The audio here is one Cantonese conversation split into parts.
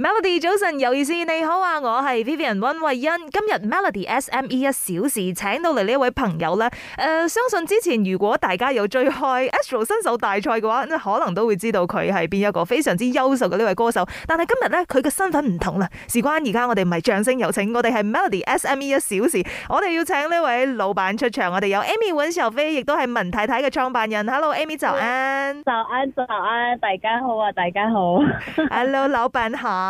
Melody 早晨，尤意思你好啊，我係 Vivian 溫慧欣。今日 Melody SME 一小時請到嚟呢位朋友咧，誒、呃，相信之前如果大家有追開 Astro 新手大賽嘅話，可能都會知道佢係邊一個非常之優秀嘅呢位歌手。但係今日咧，佢嘅身份唔同啦。事關而家我哋唔係掌聲有請，我哋係 Melody SME 一小時，我哋要請呢位老闆出場。我哋有 Amy 溫秀菲，v, 亦都係文太太嘅創辦人。Hello Amy，早安！早安早安，大家好啊，大家好。 Hello 老闆好。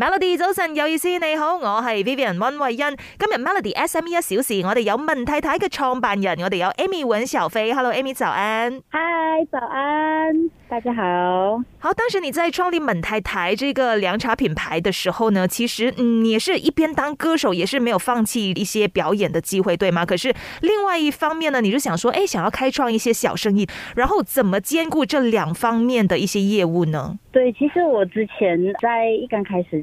Melody 早晨有意思，你好，我係 Vivian 溫慧欣。今日 Melody SME 一小時，我哋有文太太嘅創辦人，我哋有 Amy 文小飛。Hello，Amy 早安。Hi，早安，大家好。好，當時你在創立文太太這個涼茶品牌的時候呢，其實、嗯、你是一邊當歌手，也是沒有放棄一些表演的機會，對嗎？可是另外一方面呢，你就想說，誒，想要開創一些小生意，然後怎麼兼顧這兩方面的一些業務呢？對，其實我之前在一剛開始。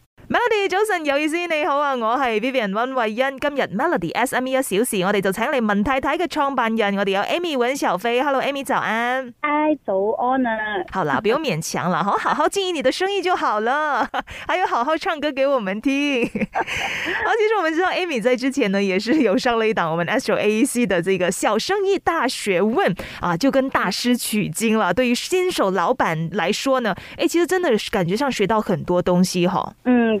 Melody 早晨，Johnson，有意思你好啊，我係 Vivian n 溫慧欣，今日 Melody S M E 一小時，我哋就請嚟文太太嘅創辦人，我哋有 Amy 溫小飛，Hello Amy 早安，哎早安啊，好啦，不用勉強啦，好，好好經營你的生意就好啦，還有好好唱歌給我們聽，啊， 其實我們知道 Amy 在之前呢，也是有上了一檔我們 Astro AEC 的這個小生意大學問啊，就跟大師取經啦，對於新手老闆來說呢，誒、欸，其實真的感覺上學到很多東西哈，嗯。